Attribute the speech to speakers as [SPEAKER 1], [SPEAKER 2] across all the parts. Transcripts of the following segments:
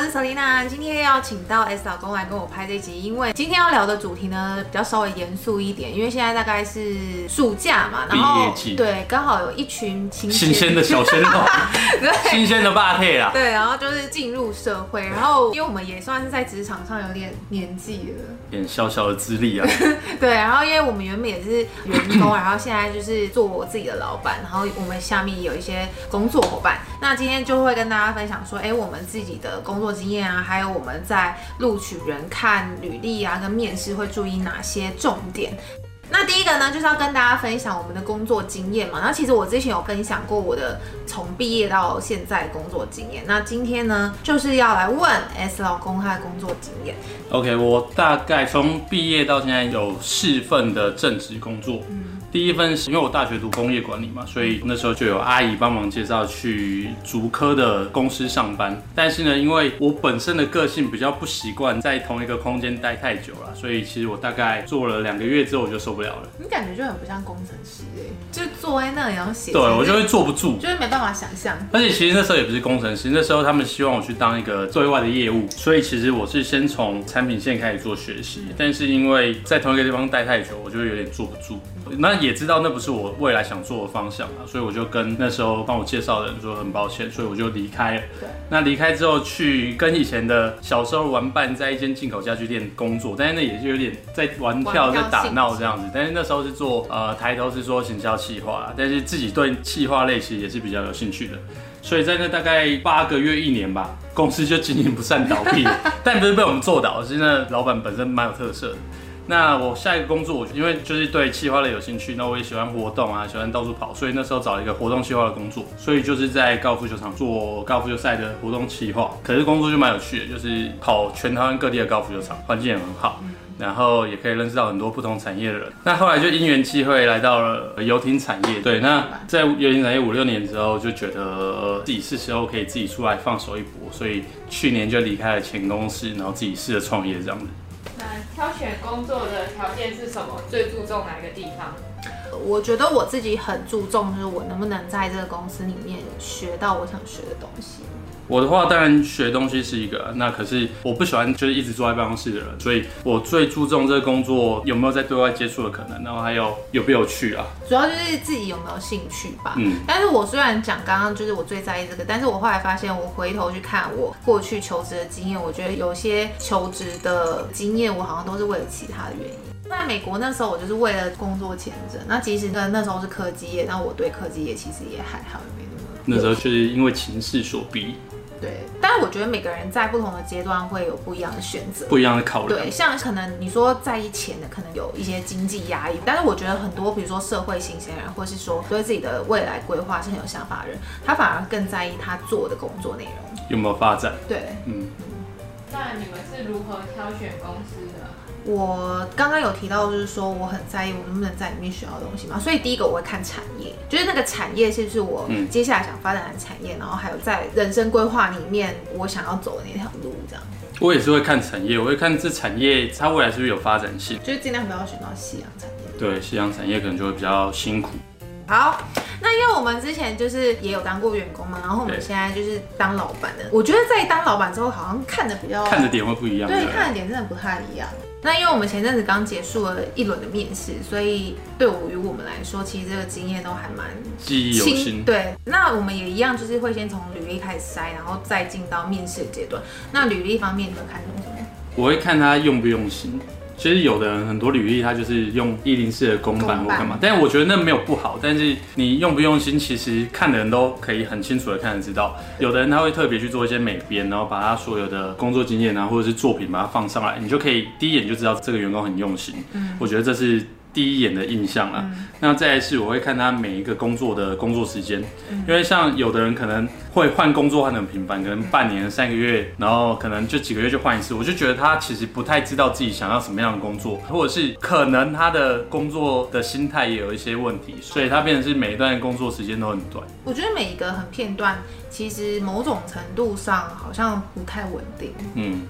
[SPEAKER 1] 我是 Salina，今天要請到 S 老公來跟我拍這集，因為今天要聊的主題呢比較稍微嚴肅一點，因為現在大概是暑假嘛，然後對，剛好有一群新鮮的小鮮肉，對，新
[SPEAKER 2] 鮮的霸配啊。
[SPEAKER 1] 對，然後就是進入社會，然後因為我們也算是在職場上有點年紀了，
[SPEAKER 2] 點小小的資歷啊，
[SPEAKER 1] 對，然後因為我們原本也是員工，然後現在就是做我自己的老闆，然後我們下面有一些工作夥伴，那今天就會跟大家分享說，哎，我們自己的工作。經驗啊，還有我們在錄取人看履歷啊，跟面試會注意哪些重點？那第一個呢，就是要跟大家分享我們的工作經驗嘛。那其實我之前有分享過我的從畢業到現在工作經驗。那今天呢，就是要來問 S 老公他的工作經驗。
[SPEAKER 2] OK，我大概從畢業到現在有四份的正職工作。嗯。第一份是因為我大學讀工業管理嘛，所以那時候就有阿姨幫忙介紹去竹科的公司上班。但是呢，因為我本身的個性比較不習慣在同一個空間待太久了，所以其實我大概做了兩個月之後，我就受不了了。你
[SPEAKER 1] 感覺就很不像工程師哎，就是坐在那裡要寫。對，我就會坐不住，就是沒辦法
[SPEAKER 2] 想象。而且其實那時候也不是工程師，那時候他們希望我去當一個對外的業務，所以其實我是先從產品線開始做學習。但是因為在同一個地方待太久，我就會有點坐不住。那。也知道那不是我未來想做的方向啊，所以我就跟那時候幫我介紹的人說很抱歉，所以我就離開了對。那離開之後去跟以前的小時候玩伴在一間進口家具店工作，但是那也是有點在玩跳在打鬧這樣子。但是那時候是做呃，抬頭是說行銷企劃，但是自己對企劃類型也是比較有興趣的。所以在那大概八個月一年吧，公司就經營不善倒閉， 但不是被我們做倒，是那老板本身蠻有特色的。那我下一個工作，我因為就是對企劃的有興趣，那我也喜歡活動啊，喜歡到處跑，所以那時候找了一個活動企劃的工作，所以就是在高爾夫球場做高爾夫球賽的活動企劃。可是工作就蠻有趣的，就是跑全台灣各地的高爾夫球場，環境也很好，然後也可以認識到很多不同產業的人。那後來就因緣際會來到了遊艇產業，對，那在遊艇產業五六年之後，就覺得自己是時候可以自己出來放手一搏，所以去年就離開了前公司，然後自己試着創業這樣的。
[SPEAKER 1] 選工作的條件是什麼？最注重哪一個地方？我覺得我自己很注重，就是我能不能在這個公司裡面學到我想學的東西。
[SPEAKER 2] 我的話當然學東西是一個，那可是我不喜歡就是一直坐在辦公室的人，所以我最注重這個工作有沒有在對外接觸的可能，然後還有有沒有趣啊。
[SPEAKER 1] 主要就是自己有沒有興趣吧。嗯，但是我雖然講剛剛就是我最在意這個，但是我後來發現我回頭去看我過去求職的經驗，我覺得有些求職的經驗我好像都是為了其他的原因。在美國那時候我就是為了工作簽證，那其實那那時候是科技業，但我對科技業其實也還好，也沒那
[SPEAKER 2] 麼。那時候就是因為情勢所逼。
[SPEAKER 1] 對，但是我覺得每個人在不同的階段會有不一樣的選擇，不一樣
[SPEAKER 2] 的考慮。對，像
[SPEAKER 1] 可能你說在意錢的，可能有一些經濟壓力，但是我覺得很多，比如說社會新鮮人，或是說對自己的未來規劃是很有想法的人，他反而更在意他做的工作內容有沒有發展。對，嗯，那你們是如何挑選公司的？我剛剛有提到，就是說我很在意我能不能在裡面學到東西嘛，所以第一個我會看產業，就是那個產業是不是我接下來想發展的產業，然後還有在人生規劃裡面我想要走的那條路，這樣。
[SPEAKER 2] 我也是會看產業，我會看這產業它未來是不是有發展性，
[SPEAKER 1] 就儘量不要選到夕陽產
[SPEAKER 2] 業。對，夕陽產業可能就會比較辛苦。
[SPEAKER 1] 好，那因為我們之前就是也有當過員工嘛，然後我們現在就是當老板的，我覺得在當老板之後好像看的比較看的點會不一樣，對，看的點真的不太一樣。那因為我們前陣子剛結束了一輪的面試，所以對於我們來說，其實這個經驗都還蠻記憶猶新。對，那我們也一樣，就是會先從履歷開始篩，然後再進到面試的階段。那履歷方面，你會看什麼？
[SPEAKER 2] 我會看他用不用心。其實有的人很多履歷，他就是用一零四的公版或幹嘛，但我覺得那沒有不好。但是你用不用心，其實看的人都可以很清楚的看得到。有的人他會特別去做一些美編，然後把他所有的工作經驗啊，或者是作品把它放上來，你就可以第一眼就知道這個員工很用心。嗯，我覺得這是。第一眼的印象啊，嗯、那再來是我會看他每一個工作的工作時間，嗯、因為像有的人可能會換工作換得很頻繁，可能半年、三個月，然後可能就幾個月就換一次，我就覺得他其實不太知道自己想要什麼樣的工作，或者是可能他的工作的心態也有一些問題，所以他變成是每一段工作時間都很短。
[SPEAKER 1] 我覺得每一個很片段，其實某種程度上好像不太穩定。嗯。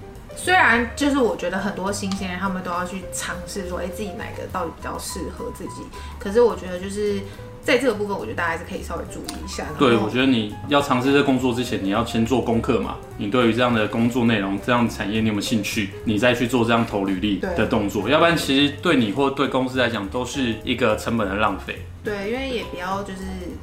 [SPEAKER 1] 雖然就是我覺得很多新鮮人，他們都要去嘗試說，哎，自己哪個到底比較適合自己？可是我覺得就是。在這個部分，我覺得大家還是可以稍微注意一下。對，我覺
[SPEAKER 2] 得你要嘗試這個工作之前，你要先做功課嘛。你對於這樣的工作內容、這樣的產業，你有沒有興趣？你再去做這樣投履歷的動作，對要不然其實對你或對公司來講，都是一個成本的浪費。
[SPEAKER 1] 對，因為也不要就是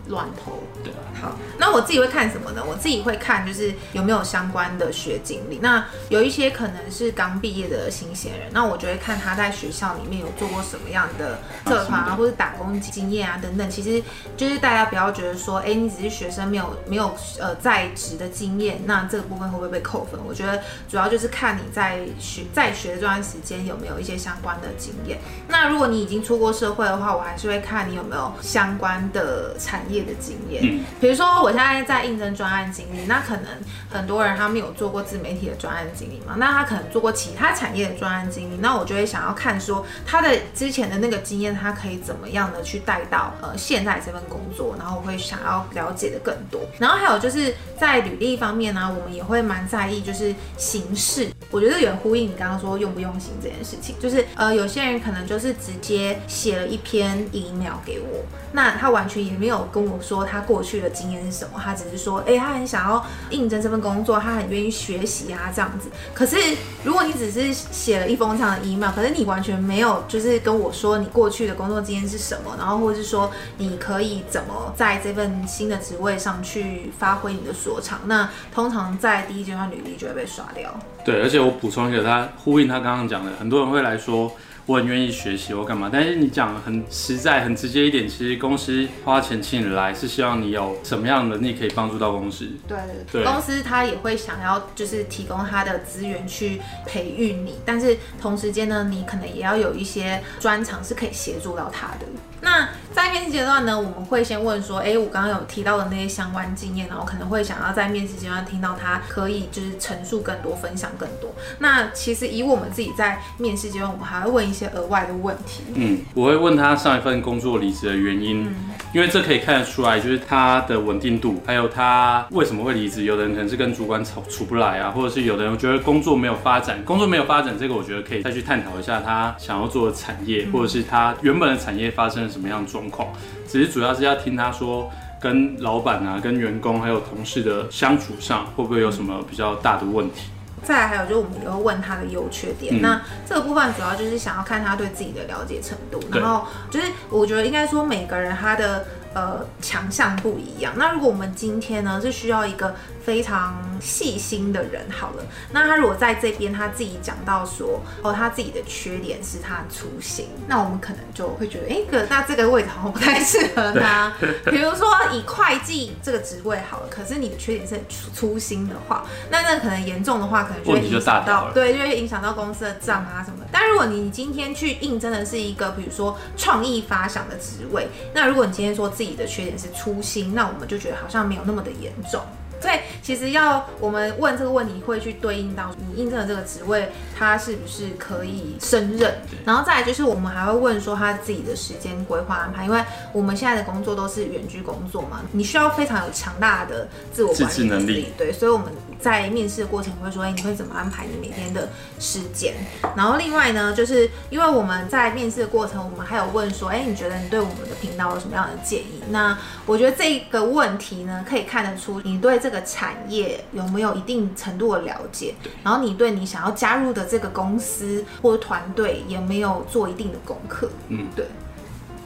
[SPEAKER 1] 亂投。對啊。好，那我自己會看什麼呢？我自己會看就是有沒有相關的學經歷。那有一些可能是剛畢業的新鮮人，那我就會看他在學校裡面有做過什麼樣的社團啊，或者打工經驗啊等等。其實。就是大家不要覺得說，哎、欸，你只是學生沒，沒有沒有呃在職的經驗，那這個部分會不會被扣分？我覺得主要就是看你在學在學這段時間有沒有一些相關的經驗。那如果你已經出過社會的話，我還是會看你有沒有相關的產業的經驗。嗯。比如說我現在在應徵專案經理，那可能很多人他沒有做過自媒體的專案經理嘛，那他可能做過其他產業的專案經理，那我就會想要看說他的之前的那個經驗，他可以怎麼樣的去帶到呃現。現在這份工作，然後我會想要了解的更多，然後還有就是在履歷方面呢、啊，我們也會蠻在意就是形式，我覺得也呼應你剛剛說用不用心這件事情，就是呃有些人可能就是直接寫了一篇 email 給我，那他完全也沒有跟我說他過去的經驗是什麼，他只是說哎、欸、他很想要應徵這份工作，他很願意學習啊這樣子。可是如果你只是寫了一封這樣的 email，可是你完全沒有就是跟我說你過去的工作經驗是什麼，然後或者是說你。你可以怎麼在這份新的職位上去發揮你的所長？那通常在第一階段履歷就會被刷掉。
[SPEAKER 2] 對，而且我補充一下，他呼應他剛剛講的，很多人會來說。我很願意學習，我幹嘛？但是你講很實在、很直接一點，其實公司花錢請你來，是希望你有什麼樣的能力可以幫助到公司。對，對，
[SPEAKER 1] 對，對，公司他也會想要，就是提供他的資源去培育你，但是同時間呢，你可能也要有一些專長是可以協助到他的。那在面試階段呢，我們會先問說：“哎、欸，我剛剛有提到的那些相關經驗，然後可能會想要在面試階段聽到他可以就是陳述更多、分享更多。”那其實以我們自己在面試階段，我們還會問一。一些額外的問
[SPEAKER 2] 題，嗯，我會問他上一份工作離職的原因，嗯、因為這可以看得出來，就是他的穩定度，還有他為什麼會離職。有的人可能是跟主管吵處不來啊，或者是有的人覺得工作沒有發展，工作沒有發展，這個我覺得可以再去探討一下他想要做的產業，嗯、或者是他原本的產業發生了什麼樣的狀況。只是主要是要聽他說跟老闆啊、跟員工還有同事的相處上，會不會有什麼比較大的問題。
[SPEAKER 1] 再來還有就是，我們也會問他的優缺點。嗯、那這個部分主要就是想要看他對自己的了解程度。對 然後就是，我覺得應該說每個人他的呃強項不一樣。那如果我們今天呢是需要一個。非常細心的人好了，那他如果在這邊他自己講到說，哦，他自己的缺點是他粗心，那我們可能就會覺得，哎，可那這個位置好像不太適合他。比如說以會計這個職位好了，可是你的缺點是很粗心的話，那那可能嚴重的話，可能就會影響到。對，就會影響到公司的賬啊什麼的。但如果你今天去應徵的是一個比如說創意發想的職位，那如果你今天說自己的缺點是粗心，那我們就覺得好像沒有那麼的嚴重。對，其實要我們問這個問題，會去對應到你應徵的這個職位，他是不是可以勝任？然後再來就是我們還會問說他自己的時間規劃安排，因為我們現在的工作都是遠距工作嘛，你需要非常有強大的自我管理能力，對，所以我們。在面試的過程我會說，誒、欸，你會怎麼安排你每天的時間？然後另外呢，就是因為我們在面試的過程，我們還有問說，誒、欸，你覺得你對我們的頻道有什麼樣的建議？那我覺得這個問題呢，可以看得出你對這個產業有沒有一定程度的了解，然後你對你想要加入的這個公司或團隊有沒有做一定的功課，嗯，對。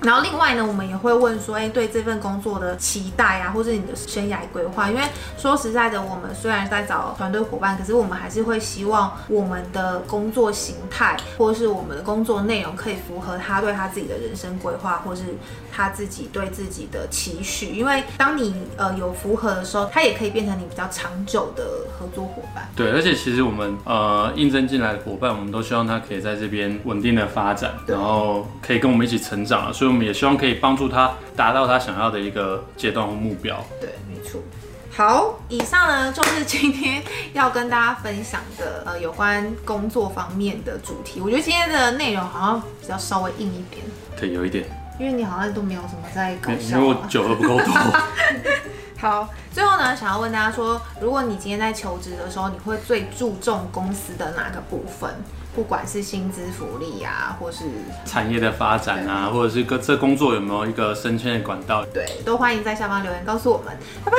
[SPEAKER 1] 然後另外呢，我們也會問說，哎、欸，對這份工作的期待啊，或是你的生涯規劃。因為說實在的，我們雖然在找團隊夥伴，可是我們還是會希望我們的工作形態，或者是我們的工作內容可以符合他對他自己的人生規劃，或是他自己對自己的期許。因為當你呃有符合的時候，他也可以變成你比較長久的合作夥伴。
[SPEAKER 2] 對，而且其實我們呃應徵進來的夥伴，我們都希望他可以在這邊穩定的發展，對然後可以跟我們一起成長。所以。我們也希望可以幫助他達到他想要的一個階段和目標。
[SPEAKER 1] 對，沒錯。好，以上呢就是今天要跟大家分享的呃有關工作方面的主題。我覺得今天的內容好像比較稍微硬一點。
[SPEAKER 2] 對，有一點。
[SPEAKER 1] 因為你好像都沒有什麼在搞笑。因為我
[SPEAKER 2] 酒喝不夠多。
[SPEAKER 1] 好，最後呢，想要問大家說，如果你今天在求職的時候，你會最注重公司的哪個部分？不管是薪資福利啊，或是
[SPEAKER 2] 產業的發展啊，對或者是個這工作有沒有一個升遷的管道？對，
[SPEAKER 1] 都歡迎在下方留言告訴我們。拜拜。